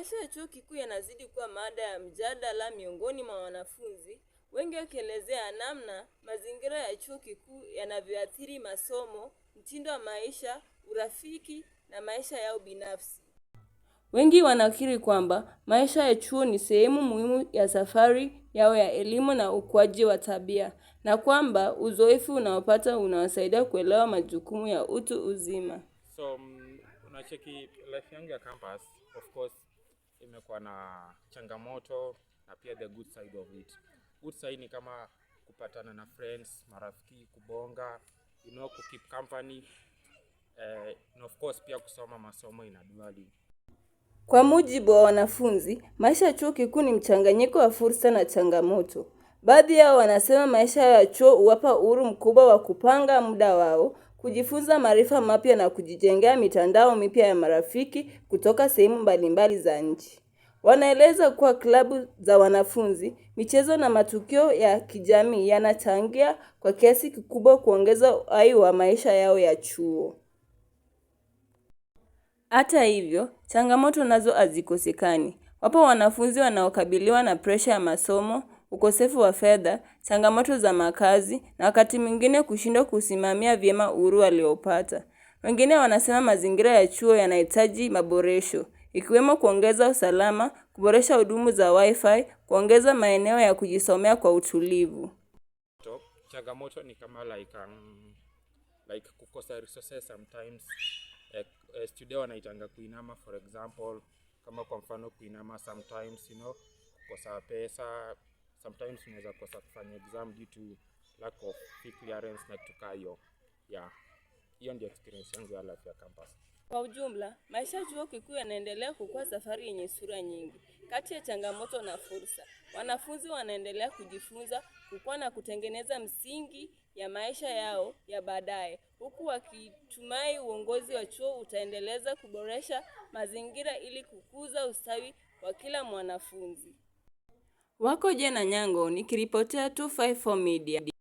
Maisha ya chuo kikuu yanazidi kuwa mada ya mjadala miongoni mwa wanafunzi, wengi wakielezea namna mazingira ya chuo kikuu yanavyoathiri masomo, mtindo wa maisha, urafiki na maisha yao binafsi. Wengi wanakiri kwamba maisha ya chuo ni sehemu muhimu ya safari yao ya elimu na ukuaji wa tabia, na kwamba uzoefu unaopata unawasaidia kuelewa majukumu ya utu uzima. So, mm, unacheki life yangu ya campus, of course imekuwa na changamoto na pia the good side of it. Good side ni kama kupatana na friends, marafiki, kubonga, you know, ku keep company eh, and of course pia kusoma masomo ina duali. Kwa mujibu wa wanafunzi, maisha ya chuo kikuu ni mchanganyiko wa fursa na changamoto. Baadhi yao wanasema maisha ya chuo huwapa uhuru mkubwa wa kupanga muda wao kujifunza maarifa mapya na kujijengea mitandao mipya ya marafiki kutoka sehemu mbalimbali za nchi. Wanaeleza kuwa klabu za wanafunzi, michezo na matukio ya kijamii yanachangia kwa kiasi kikubwa kuongeza uhai wa maisha yao ya chuo. Hata hivyo, changamoto nazo hazikosekani. Wapo wanafunzi wanaokabiliwa na presha ya masomo, ukosefu wa fedha, changamoto za makazi na wakati mwingine kushindwa kusimamia vyema uhuru aliopata. Wengine wanasema mazingira ya chuo yanahitaji maboresho, ikiwemo kuongeza usalama, kuboresha hudumu za wifi, kuongeza maeneo ya kujisomea kwa utulivu. Changamoto ni kama like, um, like kukosa resources sometimes eh, eh, studio wanaitanga kuinama for example, kama kwa mfano kuinama sometimes you know, kukosa pesa sometimes unaweza kosa kufanya exam due to lack of fee clearance na kitu hiyo. Yeah, hiyo ndio experience yangu ya life ya campus. Kwa ujumla, maisha chuo kikuu yanaendelea kukua safari yenye sura nyingi, kati ya changamoto na fursa. Wanafunzi wanaendelea kujifunza, kukua na kutengeneza msingi ya maisha yao ya baadaye, huku wakitumai uongozi wa chuo utaendeleza kuboresha mazingira ili kukuza ustawi wa kila mwanafunzi. Wako Jena Nyango nikiripotia 254 Media.